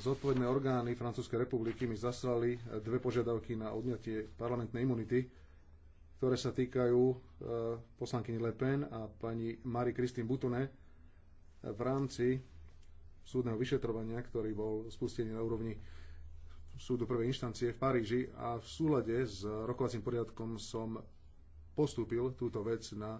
Zodpovedné orgány Francúzskej republiky mi zaslali eh, dve požiadavky na odňatie parlamentnej imunity, ktoré sa týkajú eh, poslankyni Le Pen a pani Marie-Christine Butone eh, v rámci súdneho vyšetrovania, ktorý bol spustený na úrovni súdu prvej inštancie v Paríži a v súlade s rokovacím poriadkom som postúpil túto vec na